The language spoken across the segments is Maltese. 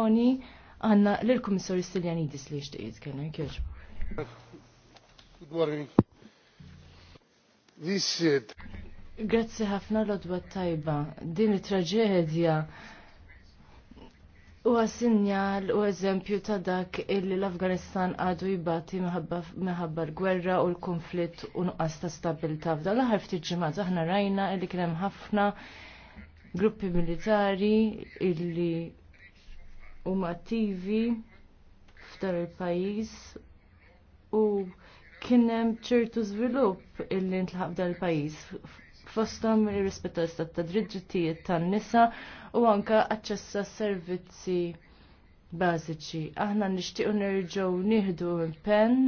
Oni, għanna l komissar Stiljanidis li jishtiq jitkellem, kjoġ. Good morning. This uh, Grazzi ħafna l odba tajba. Din it-traġedja u sinjal u eżempju ta' dak illi l-Afganistan għadu jibati meħabba l-gwerra u l-konflitt u nuqqas ta' stabilta' f'dan l-ħar ftit ġimgħat aħna rajna illi kien hemm ħafna gruppi militari illi huma attivi f'dar il-pajjiż u kien hemm ċertu żvilupp illi ntlaħaq f'dar il-pajjiż fostom rispetta l istat ta' drittijiet tan-nisa u anka aċċessa servizzi bażiċi. Aħna nixtiequ nerġgħu nieħdu pen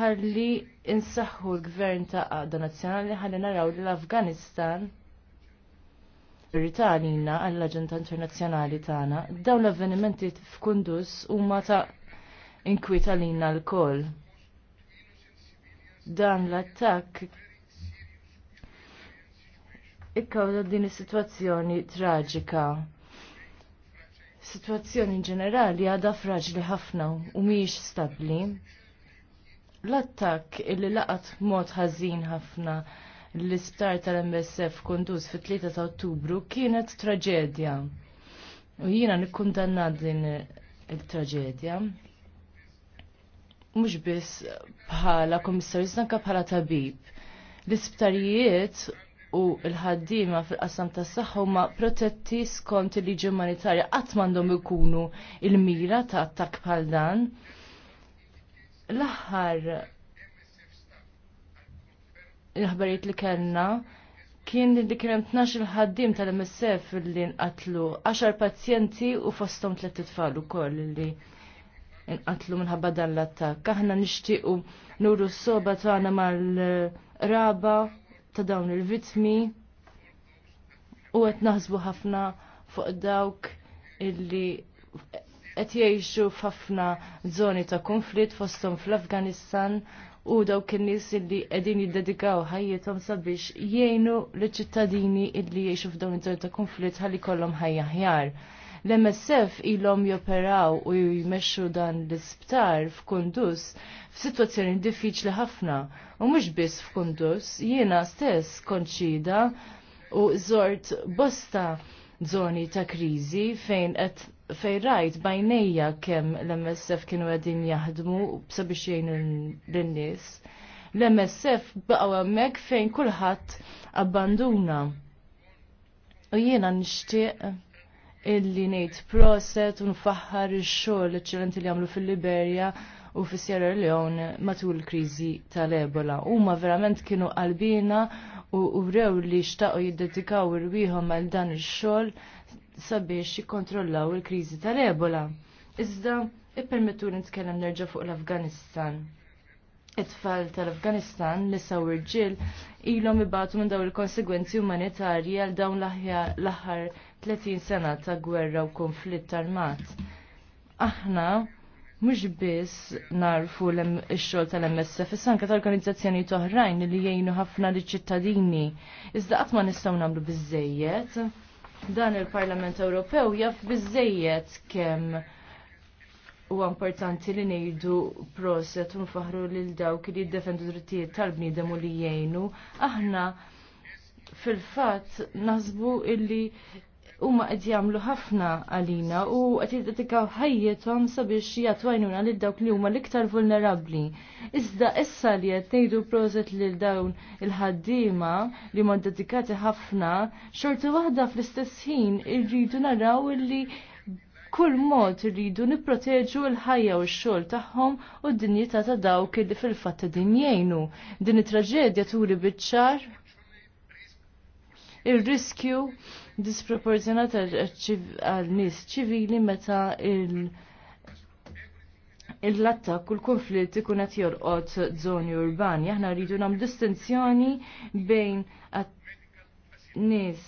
ħalli insaħħu l-gvern ta' qada nazzjonali ħalli naraw l-Afganistan priorità għall-Aġenda Internazzjonali tagħna. Dawn l-avvenimenti f'Kundus huma ta' inkwiet għalina l Dan l-attakk ikkawda din is-sitwazzjoni traġika. Situazzjoni ġenerali għadha fraġli ħafna u mhijiex stabbli. L-attakk illi laqat mod ħażin ħafna l-isptar tal-MSF kondus fit-3 ta' ottubru kienet traġedja. U jina nikkundannat din il-traġedja. Mux biss bħala komissarju, zanka bħala tabib. L-isptarijiet u l-ħaddima fil-qasam tas saħħa huma protetti skont il-liġi umanitarja qatt m'għandhom ikunu il-mira ta' attak bħal dan. L-aħħar il-ħbarijiet li kellna kien li kien 12 il-ħaddim tal-MSF li nqatlu 10 pazjenti u fostom tliet tfal ukoll li nqatlu minħabba dan l-attakk. Aħna nixtiequ nuru s-soba tagħna mal-raba ta' dawn il-vitmi u qed naħsbu ħafna fuq dawk illi qed jgħixu f'ħafna żoni ta' konflitt fosthom fl-Afganistan u dawk kinnis illi qegħdin jiddedikaw ħajjetom sabiex jgħinu l-ċittadini illi jgħixu f'dawn iż-żoni ta' konflitt ħalli kollom ħajja ħjar. L-MSF ilhom joperaw u jmexxu dan l-isptar f'Kundus f'sitwazzjoni diffiċli ħafna u mhux biss f'Kundus, jiena stess konċida u żort bosta zoni ta' kriżi fejn qed fej rajt bajnejja kemm l-MSF kienu għedin jaħdmu sabiex jgħinu l-nies. L-MSF baqgħu hemmhekk fejn kulħadd abbanduna. U jiena nixtieq illi nejt proset u nfaħħar ix-xogħol eċċellenti li għamlu fil-Liberja u fis Sierra Leone matul il-kriżi tal-Ebola. Huma verament kienu qalbina u vrew li xtaqgħu jiddedikaw irwieħhom għal dan ix-xogħol sabiex jikkontrollaw il-kriżi tal-Ebola. Iżda ippermettu li nitkellem nerġa' fuq l-Afganistan. It-tfal tal-Afganistan li saw irġiel ilhom ibatu minn daw il-konsegwenzi umanitarji għal dawn l-aħħar 30 sena ta' gwerra u konflitt armat. Aħna mhux biss narfu l xogħol tal-MSF, issa anke tal-organizzazzjoni toħrajn li jgħinu ħafna liċ ċittadini Iżda qatt ma nistgħu nagħmlu biżejjed dan il-Parlament Ewropew jaf bizzejiet kemm huwa importanti li ngħidu proset u nfaħru lil dawk li jiddefendu drittijiet tal-bniedem u li jgħinu. Aħna fil-fatt nasbu illi huma qed jagħmlu ħafna għalina u qed jiddedikaw ħajjithom sabiex jagħtwajnuna lil dawk li huma l-iktar vulnerabbli. Iżda issa li qed ngħidu prożet lil dawn il-ħaddiema li huma dedikati ħafna, xorti waħda fl-istess ħin irridu naraw illi kull mod rridu nipproteġu l-ħajja u x-xogħol tagħhom u d-dinjità ta' dawk li fil-fatt din jgħinu. Din it-traġedja turi biċ-ċar ir-riskju disproporzjonat għal nies ċivili meta il- il-latta kull konflitt ikun qed jorqod żoni urbani. Aħna rridu nam distinzjoni bejn nies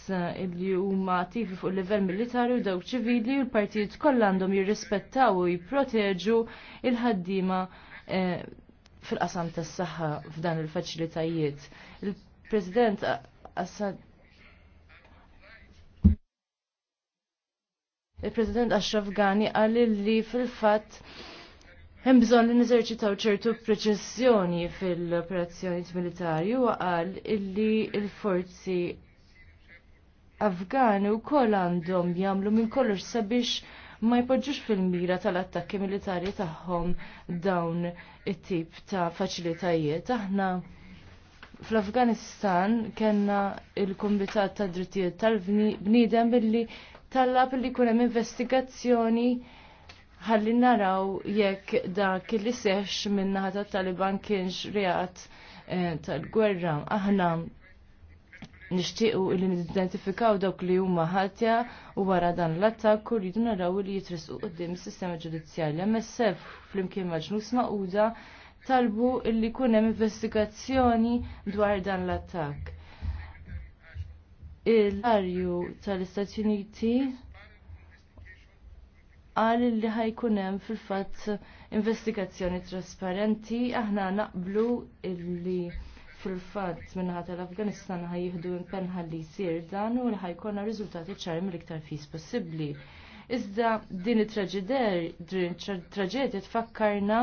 li huma attivi fuq livell militari u daw ċivili u l-partijiet kollha għandhom jirrispettaw u jipproteġu il-ħaddiema eh, fil-qasam tas-saħħa f'dan il-faċilitajiet. Il-President Assad il-President Ashraf Ghani qal li fil-fatt hemm bżonn li niżerċitaw ċertu preċessjoni fil-operazzjoni militari u qal illi l-forzi Afgani wkoll għandhom jagħmlu minn kollox sabiex ma jpoġġux fil-mira tal-attakki militari tagħhom dawn it-tip ta' faċilitajiet. Aħna fl-Afganistan kellna il-Kumitat ta' Drittijiet tal-Bniedem billi talab li jkun hemm investigazzjoni ħalli naraw jekk dak li seħx minnaħa tat-Taliban kienx reat eh, tal-gwerra. Aħna nixtiequ li nidentifikaw dawk li huma ħatja u wara dan l-attakk u rridu naraw li jitrisqu qudiem is-sistema ġudizzjarja. Messef flimkien maġnus maquda talbu li kunem hemm investigazzjoni dwar dan l-attakk il-arju tal-Istati Uniti għal li ħajkun hemm fil-fatt investigazzjoni trasparenti aħna naqblu illi fil-fatt minnaħat tal-Afganistan ħajjieħdu impenħa li jsir dan u li ħajkonna riżultati ċari mill-iktar fis possibbli. Iżda din it-traġedja tfakkarna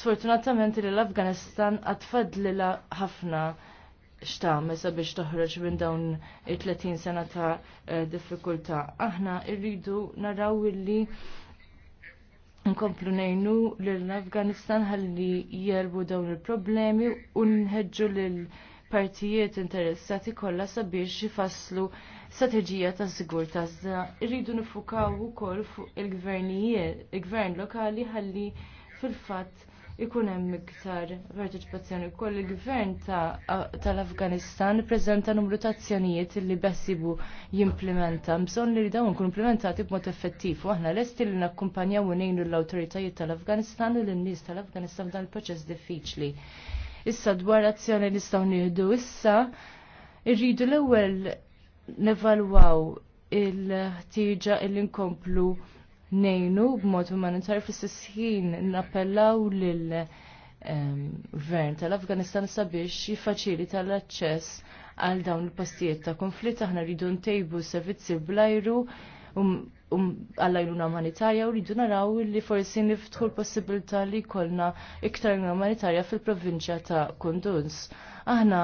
sfortunatament li l-Afganistan għatfadlila ħafna x'tagħmel sabiex toħroġ minn dawn il-30 sena ta' eh, diffikultà. Aħna irridu naraw illi nkomplu ngħinu lill-Afganistan ħalli jerbu dawn il-problemi u nħeġġu lil partijiet interessati kollha sabiex jifasslu strateġija ta' sigurtà zda. irridu nifukaw ukoll fuq il-gvernijiet, il-gvern lokali ħalli fil-fatt ikun hemm iktar parteċipazzjoni wkoll il-gvern tal-Afganistan ta preżenta numru ta' azzjonijiet li besibu jimplementa. Bżonn li dawn nkun implementati b'mod effettiv aħna lesti li nakkumpanjaw u l-awtoritajiet tal-Afganistan u lin-nies tal-Afganistan f'dan il-proċess diffiċli. Issa dwar azzjoni li nistgħu nieħdu issa irridu l-ewwel nevalwaw il-ħtieġa il-inkomplu il ħtieġa il inkomplu il inkomplu nejnu b'mod umanitar fis-sisħin nappellaw lil ehm, gvern tal-Afganistan sabiex jifaċili tal-aċċess għal dawn il-pastijiet ta' konflitt aħna rridu ntejbu servizzi blajru um, um, għallajnuna umanitarja u rridu naraw li forsi niftħu l-possibilità li kolna iktar umanitarja fil-provinċja ta' Kunduns. Aħna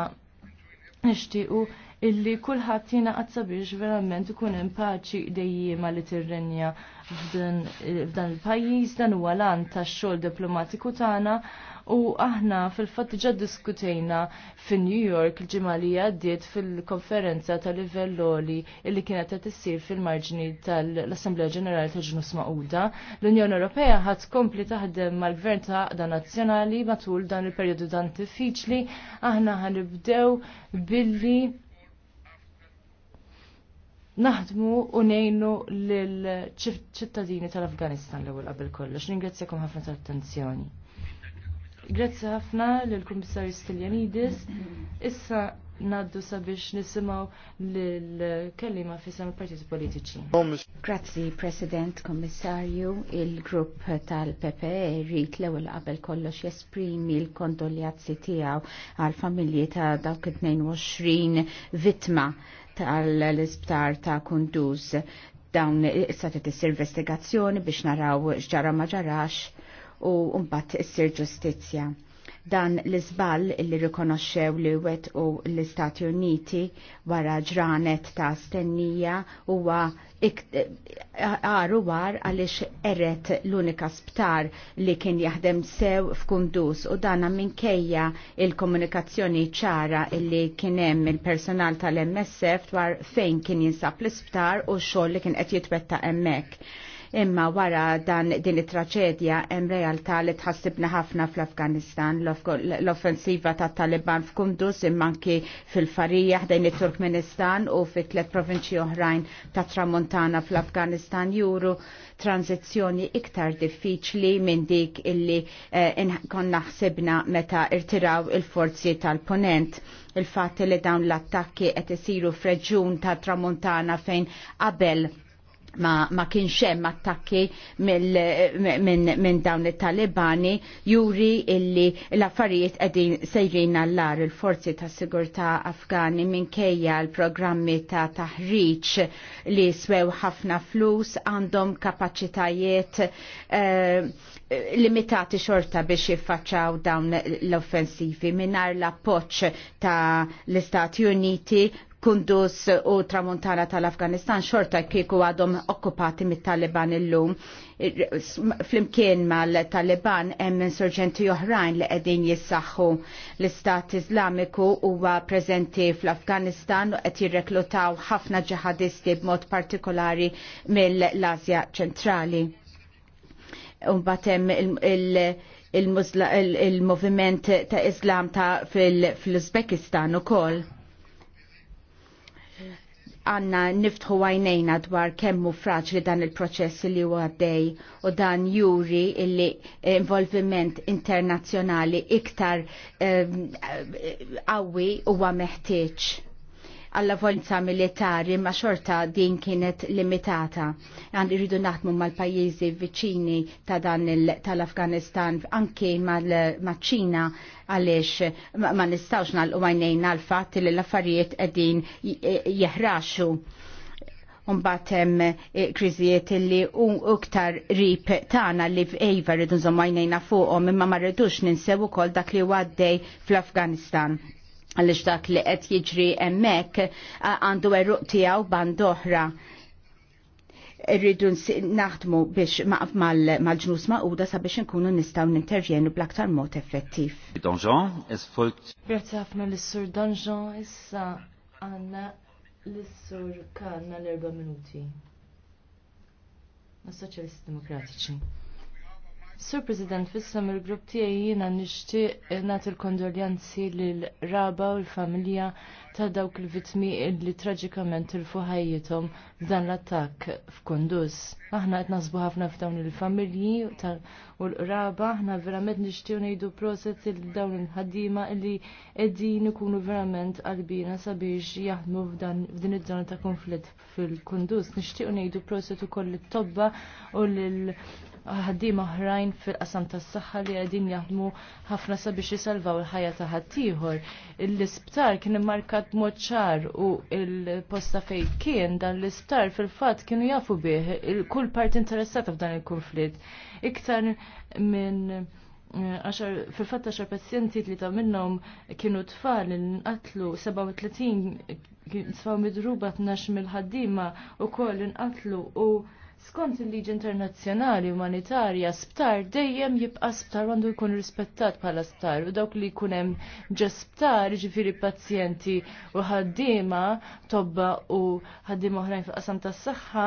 nishtiqu illi kullħat jina sabiex verament ikun hemm paċi dejjima li tirrenja f'dan il-pajjiż dan huwa lan tax-xogħol diplomatiku tagħna u aħna fil-fatt ġa diskutejna fin New York il-ġimgħa li għaddiet fil-konferenza tal livell oli li kienet qed issir fil-marġni tal-Assemblea Ġenerali ta' Ġnus Maquda. L-Unjoni Ewropea ħadd tkompli taħdem mal-Gvern ta' Aqda Nazzjonali matul dan il-perjodu dan diffiċli aħna ħanibdew billi naħdmu u nejnu l-ċittadini tal-Afganistan l-ewwel qabel kollox. Ningrazzjakom ħafna tal-attenzjoni. Grazzi ħafna lill-Kummissarju Stiljanidis. Issa naddu sabiex nisimaw l-kellima fissam il-partiti politiċi. Grazzi, President, Kommissarju, il-grupp tal-PPE rrit l ewwel qabel kollox jesprimi l kondoljazzi tiegħu għal-familji ta' dawk 22 vittma tal-isptar ta' Kunduz dawn s-satet titissir investigazzjoni biex naraw x'ġara ma ġarax u mbagħad issir ġustizzja dan l-izbal li rikonoxxew li wet u l-Istati Uniti wara ġranet ta' stennija huwa għaru war għalix eret l-unika sptar li kien jaħdem sew f'kundus u dana minkejja il-komunikazzjoni ċara illi kienem il-personal tal-MSF dwar fejn kien jinsab l-sptar u xoll li kien qed jitwetta emmek Imma wara dan din it-traċedja hemm realtà li tħassibna ħafna fl-Afganistan, l-offensiva ta' Taliban f'Kunduz immanki fil-Farija ħdejn it-Turkmenistan u fit tlet provinċi oħrajn ta' Tramontana fl-Afganistan juru tranzizzjoni iktar diffiċli minn dik illi eh, konna ħsibna meta irtiraw il-forzi tal-ponent il fatt li dawn l-attakki qed isiru f'reġjun ta' tramontana fejn qabel ma, ma kienx hemm attakki minn dawn it-Talibani juri illi l-affarijiet qegħdin sejrin għall-ar il-forzi ta' sigurtà Afgani minkejja l-programmi ta' taħriġ li swew ħafna flus għandhom kapaċitajiet eh, limitati xorta biex jiffaċċaw dawn l-offensivi mingħajr l-appoċ ta' l-Istati Uniti Kundus u tramuntana tal-Afganistan xorta kieku għadhom okkupati mit-Taliban illum. Flimkien mal-Taliban hemm insurġenti oħrajn li qegħdin jissaħħu l-Istat Islamiku huwa preżenti fl-Afganistan u qed jirreklutaw ħafna ġihadisti b'mod partikolari mill-Asja ċentrali. Umbatem il-, il il-moviment ta' Islam ta' fil-Uzbekistan u kol għanna niftħu għajnejna dwar kemmu fraċli dan il-proċess li huwa għaddej u dan juri illi involviment internazzjonali iktar qawwi ehm, u huwa meħtieġ għalla volza militari ma xorta din kienet limitata. Għan irridu naħdmu mal-pajizi viċini ta' dan tal-Afganistan anke mal-ċina għalix ma nistawx nal-u għajnejna l-fat li l-affarijiet għedin jihraxu. E, Unbatem e, kriżijiet li uktar rip tana li f'Ejva rridu nżommajnejna fuqom imma ma rridux ninsew ukoll dak li għaddej fl-Afganistan għalix dak li qed jiġri emmek għandu erruq tijaw band oħra. Irridu naħdmu biex mal-ġnus maquda sabiex nkunu nistaw nintervjenu bl-aktar mod effettiv. Donjon, es folgt. Grazie ħafna l-sur Donjon, issa għanna l-sur kanna l-erba minuti. Ma' soċjalisti Demokratiċi. Sur President, fissam il-grupp tiegħi jiena nixtieq nagħti l-kondoljanzi lil raba u l-familja ta' dawk il-vitmi li traġikament ilfu ħajjithom f'dan l-attakk f'kunduz. Aħna qed nasbu ħafna f'dawn il-familji u l-qraba, aħna verament nixtiequ ngħidu proset il dawn il-ħaddiema li qegħdin ikunu verament qalbina sabiex jaħdmu f'din iż-żona ta' konflitt fil-Kundus. Nixtiequ ngħidu proset ukoll it-tobba u lil ħaddim oħrajn fil-qasam tas-saħħa li qegħdin jaħdmu ħafna sabiex jisalvaw il-ħajja ta' ħaddieħor. L-isptar kien immarkat b'mod ċar u l-posta fejn kien dan l-isptar fil-fatt kienu jafu bih kull part interessata f'dan il-konflitt. Iktar minn eh, għaxar, fil-fat għaxar pazjenti li ta' minnom kienu tfal inqatlu 37 tfal midruba 12 mill-ħaddima u koll inqatlu u Skont il-liġi internazzjonali umanitarja, sptar dejjem jibqa' sptar għandu jkun rispettat bħala sptar u dawk li jkun hemm ġa sptar, ġifieri pazjenti u ħaddiema tobba u ħaddiema oħrajn fil-qasam tas-saħħa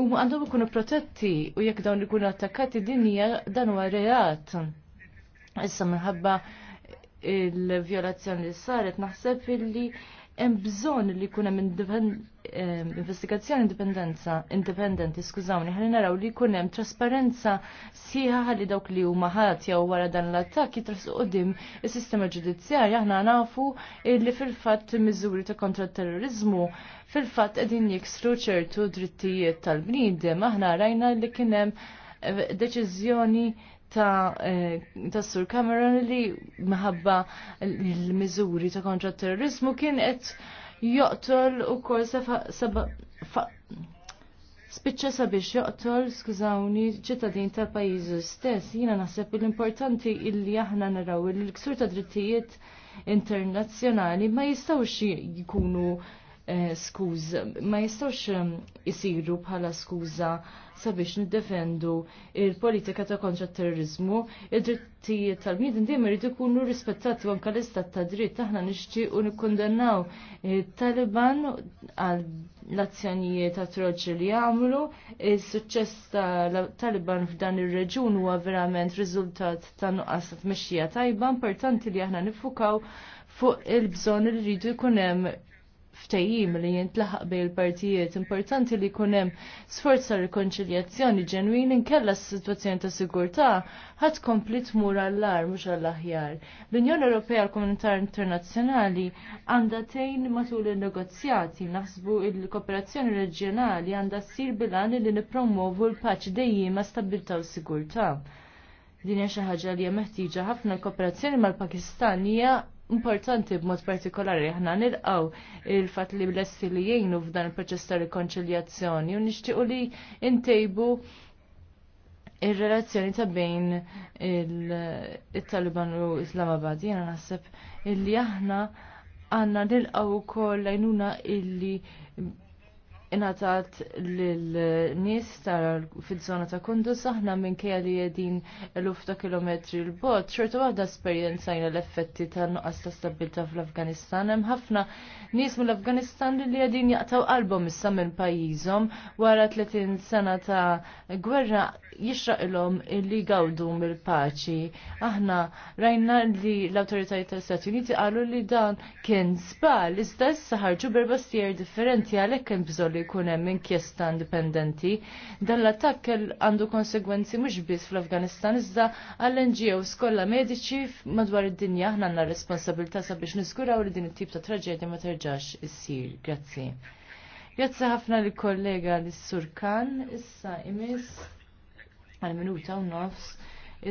u għandhom ikunu protetti u jekk dawn ikunu attakkati din hija dan huwa reat. Issa minħabba il-vjolazzjoni li saret naħseb illi hemm bżonn li jkun hemm investigazzjoni indipendenza indipendenti, skużawni, ħalli naraw li jkun hemm trasparenza sieħa ħalli dawk li huma ħadd jew wara dan l-attakk jitrasu qudiem is-sistema ġudizzjarja aħna nafu li fil-fatt miżuri ta' kontra terrorizmu fil-fatt qegħdin jiksru ċertu drittijiet tal-bniedem aħna rajna li kien hemm eh, deċiżjoni ta' eh, ta' Sur Cameron li maħabba l-miżuri ta' kontra terrorizmu kien qed joqtol ukoll Spiċċa sabiex joqtol, skużawni, ċittadin tal-pajizu stess, jina naħseb l-importanti illi aħna naraw li l-ksur ta' drittijiet internazzjonali ma jistawx jkunu eh, skuż, ma jistawx eh, isiru bħala skuża sabiex niddefendu il-politika ta' kontra terrorizmu, id-drittijiet tal-bniedem dejjem irid ikunu rispettati anke l-istat ta' dritt aħna u nikkundennaw it-Taliban għal l-azzjonijiet atroċi li għamlu, il suċċess tal-Taliban f'dan ir-reġun huwa verament riżultat ta' nuqqas tmexxija tajba, importanti li aħna nifukaw fuq il-bżonn li rridu jkun hemm ftejim li jintlaħaq bej il-partijiet importanti li kunem sforza rikonċiljazzjoni ġenwin inkella s-situazzjoni ta' sigurtà ħadd kompli tmur għall lar mhux għall-aħjar. L-Unjoni Ewropea l komunitar Internazzjonali għandha tgħin matul in-negozjati naħsbu il-kooperazzjoni reġjonali għandha ssir bilani li nippromovu l-paċi dejjima stabilta u sigurtà. Din hija xi ħaġa li hija ħafna l-kooperazzjoni mal-Pakistan hija importanti b'mod partikolari ħna nilqaw il-fat li blessi li jgħinu f'dan il-proċess ta' rikonċiljazzjoni u nixtiequ li intejbu il-relazzjoni ta' bejn il-Taliban u Islamabad. Jena naħseb illi aħna għanna nilqaw ukoll lajnuna illi inatat l-nis fil-zona ta' Kundu, aħna minn kja li jedin eluf ta' kilometri l-bot, xorta waħda esperienzajna l-effetti ta' nuqqas ta' stabilta' fl-Afganistan. Hemm ħafna nis mill-Afganistan li jedin jaqtaw qalbhom issa minn pajjiżhom wara 30 sena ta' gwerra jixraq ilhom li gawdu mill-paċi. Aħna rajna li l-awtoritajiet tal-Stati Uniti qalu li dan kien żball iżda issa ħarġu berba differenti għalhekk hemm bżonn li jkun hemm inkjesta indipendenti. Dan l-attakk għandu konsegwenzi mhux biss fl-Afganistan iżda għall ngos kollha mediċi madwar id-dinja aħna għandna responsabilità sabiex niskuraw li din it-tip ta' traġedja ma terġax issir. Grazzi. Grazzi ħafna li kollega li surkan issa imis għal-minuta u nofs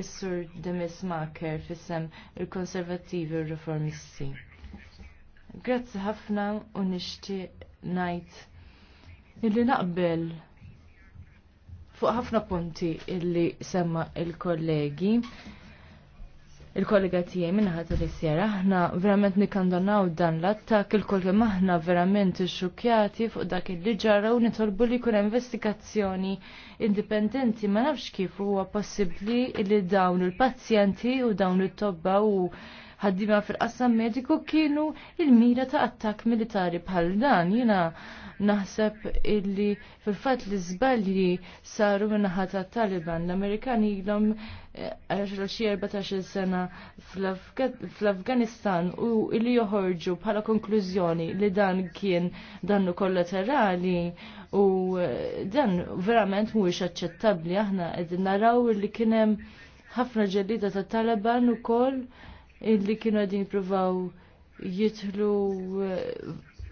is-sur Demis Maker fissem il-konservativi u reformisti. Grazzi ħafna u nixtieq najt illi naqbel fuq ħafna punti illi semma il-kollegi il-kollega tiegħi minnaħat li sjera aħna verament nikkandonaw dan l-attak il-kol kemm aħna verament ixxukjati fuq dak li ġara u nitolbu li jkun investigazzjoni indipendenti ma nafx kif huwa possibbli li dawn il-pazjenti u dawn il tobba u ħaddima fil-qassam mediku kienu il-mira ta' attak militari bħal dan. Jina naħseb illi fil-fat li zbalji saru minnaħa ta' Taliban. L-Amerikani jilom 14 sena fl-Afganistan u illi joħorġu bħala konklużjoni li dan kien dannu kollaterali u eh, dan verament mhuwiex aċċettabbli aħna qegħdin naraw li kien hemm ħafna ġellida ta' Taliban ukoll illi kienu għadin jipruvaw jitlu eh,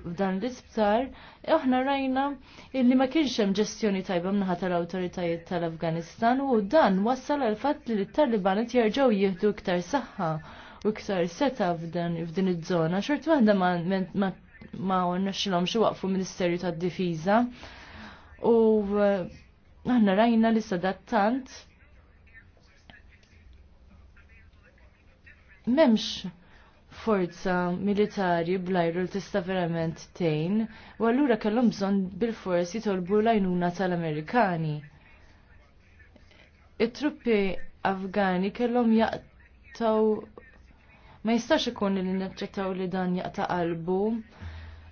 f'dan l-isptar, eh, aħna rajna illi ma kienx hemm ġestjoni tajba mnaħa tal-awtoritajiet tal-Afganistan u dan wassal għal fatt li t-Taliban qed jerġgħu jieħdu iktar saħħa u iktar seta f'dan f'din iż-żona. Xort waħda ma ma ma nexxilhom xi waqfu Ministerju tad-Difiża. U eh, aħna rajna li sadattant tant memx forza militari blajru li tista' verament tgħin, u allura kellhom bżonn bil-fors jitolbu l-għajnuna tal-Amerikani. It-truppi Afgani kellhom jaqtaw ma jistax ikun li naċċettaw li dan jaqta' qalbu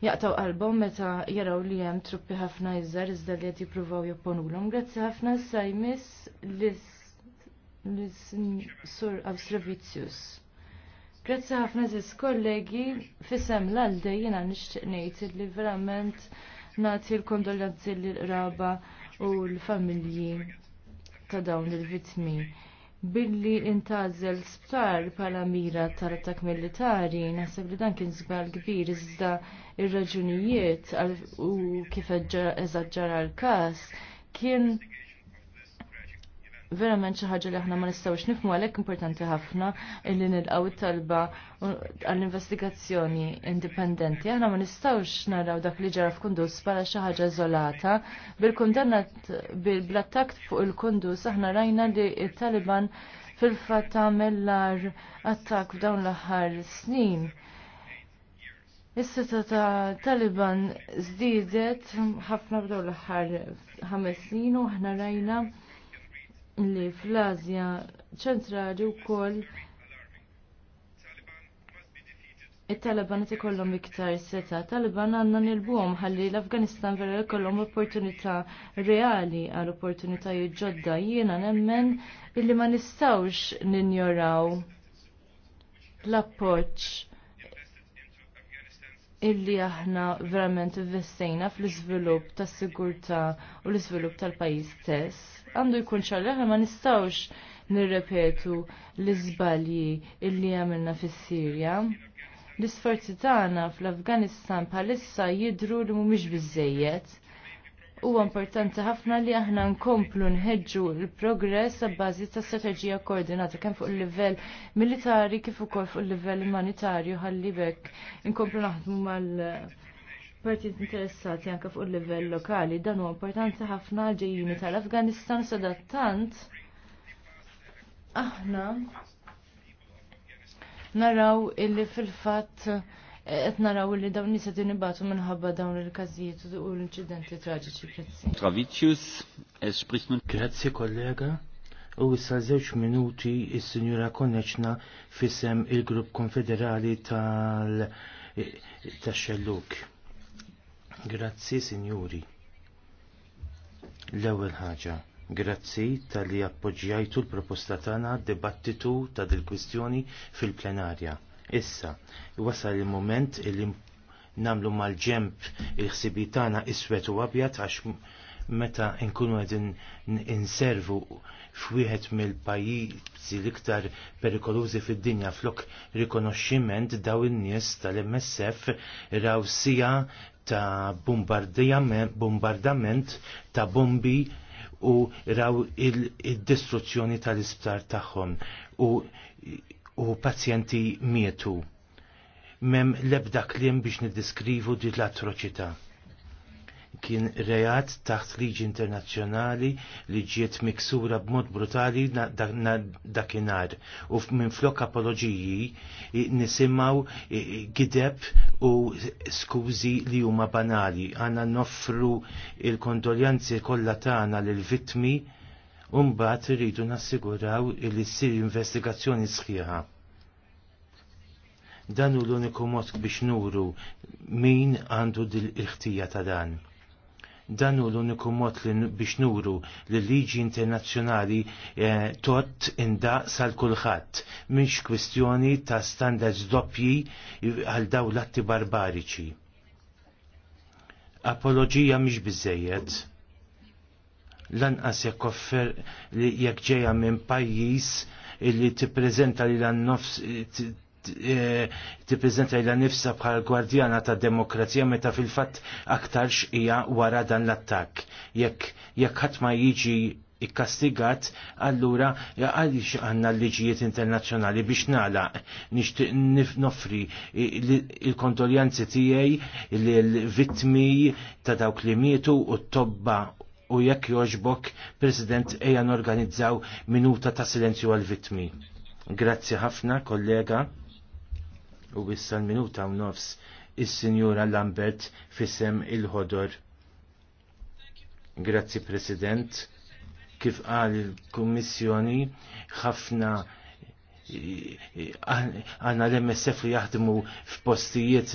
jaqtaw qalbhom meta jaraw li hemm truppi ħafna iżżar iżda li qed jippruvaw jopponulhom. Grazzi ħafna sajmis lis lis sur Avstravicius. Grazzi ħafna ziz kollegi, fissem l-għalde jina nishtiqnejt li verament nati l-kondoljanzi l-raba u l-familji ta' dawn il-vitmi. Billi intazel sptar pala mira tal-attak militari, naħseb li dan kien zbal kbir iżda ir-raġunijiet u kif eżagġara l-kas kien verament xi ħaġa li aħna ma nistgħux nifhmu għalhekk importanti ħafna illi nilqgħu talba għall-investigazzjoni indipendenti. Aħna ma nistgħux naraw dak li ġara f'Kundus bħala xi ħaġa iżolata. Bil-kundannat bil-attakk fuq il-Kundus aħna rajna li t-Taliban fil-fatt tagħmel attakk f'dawn l-aħħar snin. Is-seta ta' Taliban żdiedet ħafna f'dawn l-aħħar ħames snin u aħna rajna li fl-Azja ċentrali wkoll it-Taliban qed ikollhom iktar seta. Taliban għandna nilbuhom ħalli l-Afganistan vera jkollhom opportunità reali għal opportunitajiet ġodda. Jiena nemmen illi ma nistgħux ninjoraw l-appoġġ illi aħna verament investejna fl-iżvilupp tas-sigurtà u l-iżvilupp tal-pajjiż stess għandu jkun ċarreħ ma nistawx nirrepetu l-izbalji illi għamilna fis-Sirja. L-isforzi tagħna fl-Afganistan bħalissa jidru li mhumiex biżejjed. Huwa importanti ħafna li aħna nkomplu nħeġġu l-progress għabbażi ta' strateġija koordinata kemm fuq il-livell militari kif ukoll fuq il-livell umanitarju ħalli bekk inkomplu naħdmu mal- partit interessati anke fuq il-livell lokali dan huwa importanti ħafna ġejjini tal-Afganistan sadattant aħna naraw illi fil-fatt eh, qed naraw illi dawn nisa din ibatu minħabba dawn il-każijiet u l-inċidenti traġiċi prezzi. Travicius, minn. Grazzi kollega. U issa żewġ minuti is-Sinjura Konneċna fisem il-Grupp Konfederali tal-Xelluk. Eh, Grazzi, Signori. L-ewwel ħaġa. Grazzi tal-li appoġġjajtu l-proposta tagħna dibattitu ta' dil-kwistjoni fil-plenarja. Issa, wasal il-moment li namlu mal-ġemp il-ħsibi tagħna iswed u abjad għax meta nkunu qegħdin inservu f'wieħed mill-pajjiżi l-iktar perikolużi fid-dinja flok rikonoxximent daw in-nies tal-MSF raw sija ta' bombardament ta' bombi u raw il-distruzzjoni il tal-isptar tagħhom u, u pazjenti mietu. Mem lebda klim biex niddiskrivu di l-atroċità kien reat taħt liġi internazzjonali li ġiet miksura b'mod brutali dakinar u minn flok apologiji nisimaw gideb u skużi li huma banali għana noffru il-kondoljanzi kollha tagħna lil vittmi Umbat rridu nassiguraw li ssir investigazzjoni sħiħa. Dan hu l-uniku mod biex nuru min għandu dil-ħtija ta' dan. Dan hu l-uniku mod li biex nuru li liġi internazzjonali eh, tot inda sal kulħadd Minx kwistjoni ta' standards doppji għal daw l-atti barbariċi. Apologija mhix biżejjed lanqas jekk offer jekk ġejja minn pajjiż li tippreżenta li lan nofs tippreżenta e, ila nifsa bħal gwardjana ta' demokrazija meta fil-fatt aktarx hija wara dan l-attakk. Jekk jekk ħadd ma jiġi ikkastigat, allura għalix għanna l-liġijiet internazzjonali biex nalaq nixtieq nofri il-kondoljanzi tiegħi l-vittmi ta' dawk li mietu u t-tobba u jekk joġbok, President, ejan organizzaw minuta ta' silenzju għal-vittmi. Grazzi ħafna, kollega u issa l-minuta u nofs is-Sinjura Lambert fisem il-ħodor. Grazzi President, kif qal il-Kummissjoni ħafna għanna l-MSF li jaħdmu f'postijiet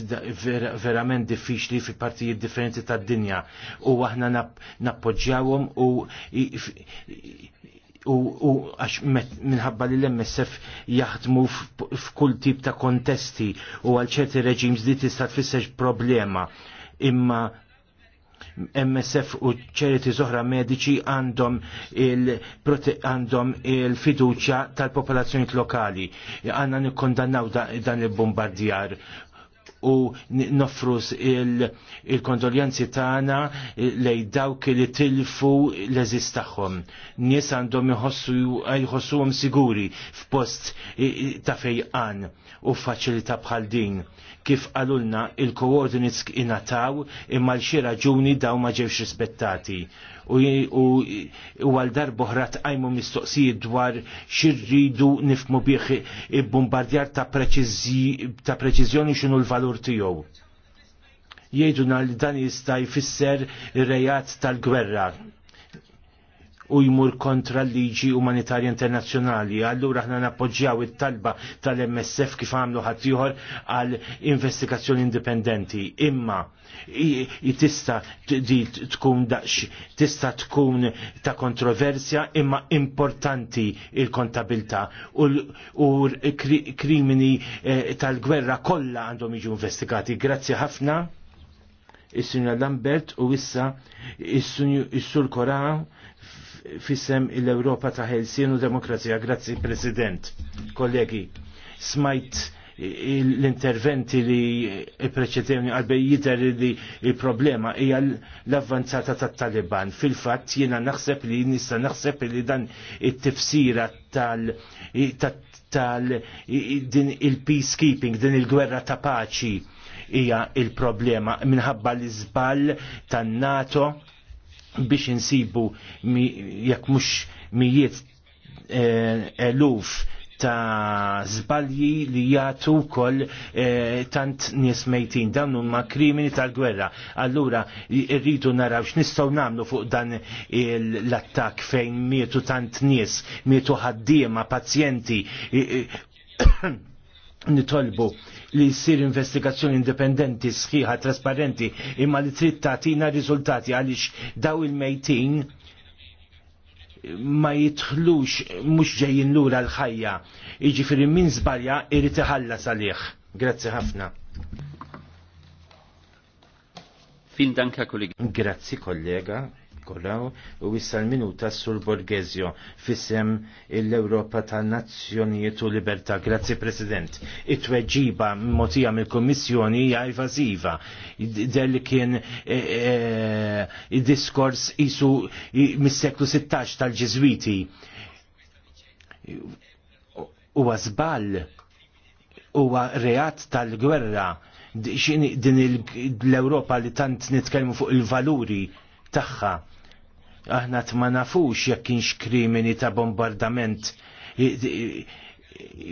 verament diffiċli fi partijiet differenti tad dinja u aħna nappoġġjawhom u u għax minħabba li l-MSF jaħdmu f'kull tip ta' kontesti u għal ċerti reġims li tista' tfisser problema imma MSF u ċerti zoħra mediċi għandhom il-għandhom il-fiduċja tal-popolazzjoni lokali. Għanna nikkondannaw dan il-bombardjar u nofrus il-kondoljanzi il tagħna lej dawk li tilfu l-eżis Nies għandhom jħossuhom siguri f'post ta' fejqan u faċilità bħal din. Kif għalulna il-coordinates inataw imma l-xi raġuni daw ma ġewx rispettati u għal darboħra tqajmu mistoqsijiet dwar xirridu nifmu bieħ il-bombardjar ta' preċizjoni xinu l-valur tiegħu. Jgħiduna li dan jista' jfisser ir-rejat tal-gwerra u jmur kontra l-liġi umanitarja internazzjonali. Allura aħna nappoġġjaw it-talba tal-MSF kif għamlu ħaddieħor għal investigazzjoni indipendenti. Imma tista tkun daqx tista tkun ta' kontroversja imma importanti il-kontabilta u krimini eh, tal-gwerra kollha għandhom jiġu investigati. Grazzi ħafna is-Sinjor Lambert u issa is-Sur Koran fissem il-Europa ta' Helsin u Demokrazija. Grazzi, President, kollegi. Smajt l-interventi li preċedewni għalbej jider li il-problema hija l-avvanzata tat taliban Fil-fatt jiena naħseb li nista naħseb li dan it-tifsira tal tal din il-peacekeeping, din il-gwerra ta' paċi hija il-problema minħabba l-iżball tan-NATO biex insibu jekk mhux mijiet eh, eluf ta' zbalji li jgħatu kol eh, tant nies mejtin dawn huma krimini tal-gwerra. Allura rridu naraw x'nistgħu nagħmlu fuq dan l-attakk fejn mietu tant nies, mietu ħaddiema, pazjenti, nitolbu li jisir investigazzjoni indipendenti, sħiħa, trasparenti, imma li trid tagħtina riżultati għaliex daw il-mejtin ma jitħlux mhux ġejjin lura l-ħajja. Jiġifieri min żbalja irid iħallas għalih. Grazzi ħafna. Fin danka kollega. Grazzi kollega kollaw u issa l-minuta sur Borgesio fissem l-Europa ta' Nazzjonijiet u Libertà. Grazzi President. It-tweġiba motija mill-Kommissjoni hija evasiva. Del kien eh, eh, diskors isu mis-seklu 16 tal-Ġiżwiti. Huwa żball huwa reat tal-gwerra din l-Europa li tant nitkellmu fuq il-valuri tagħha. Aħna ma nafux jekk kienx krimini ta' bombardament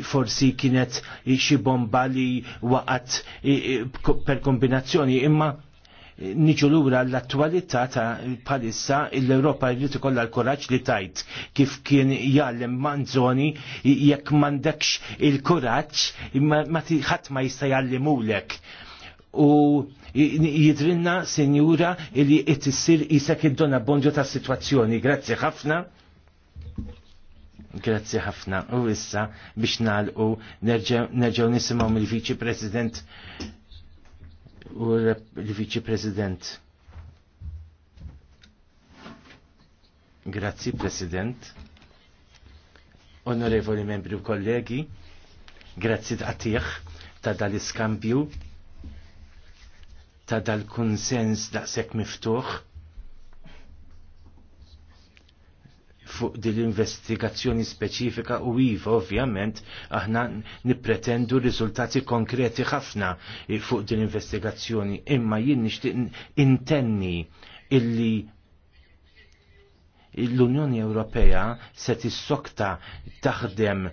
forsi kienet xi bomba li waqat per kombinazzjoni imma niġu lura l-attualità ta' palissa l-Europa jrid ikollha l-kuraġġ li tajt kif kien jgħallem manzoni jekk m'għandekx il-kuraġġ ma ħadd ma jista' jgħallimulek. U jidrinna sinjura illi qed issir isek id-dona bondju ta' situazzjoni. Grazzi ħafna. Grazzi ħafna. U issa biex nalqu nerġgħu nisimgħu mill-Viċi President u l-Viċi President. Grazzi President. Onorevoli membri u kollegi, grazzi għatiħ ta' dal-iskambju ta' dal-konsens daqshekk miftuħ fuq din l-investigazzjoni speċifika u iva ovvjament aħna nippretendu riżultati konkreti ħafna fuq din l-investigazzjoni imma jien nixtieq intenni illi l-Unjoni Ewropea se tissokta taħdem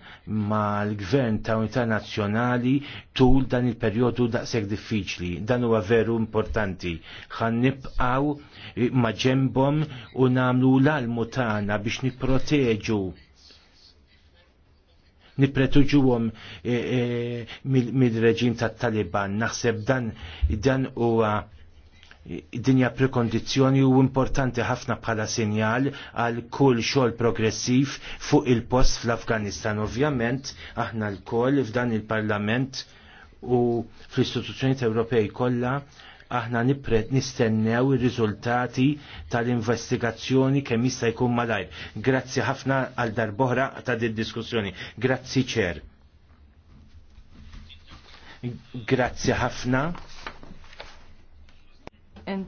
mal gvern ta' unità nazzjonali tul dan il-perjodu daqshekk diffiċli. Dan huwa veru importanti. Ħan nibqgħu ma' ġembhom u nagħmlu l-almu tagħna biex nipproteġu nipretuġuhom e, eh, e, eh, mill-reġim mil tat-Taliban. Naħseb dan dan huwa dinja prekondizjoni u importanti ħafna bħala sinjal għal kull xogħol progressiv fuq il-post fl-Afganistan. Ovvjament aħna l-koll f'dan il-Parlament u fl-istituzzjonijiet Ewropej kollha aħna nipret nistennew ir-riżultati tal-investigazzjoni kemm jista' jkun malajr. Grazzi ħafna għal darbohra ta' din diskussjoni. Grazzi ċer. Grazzi ħafna. And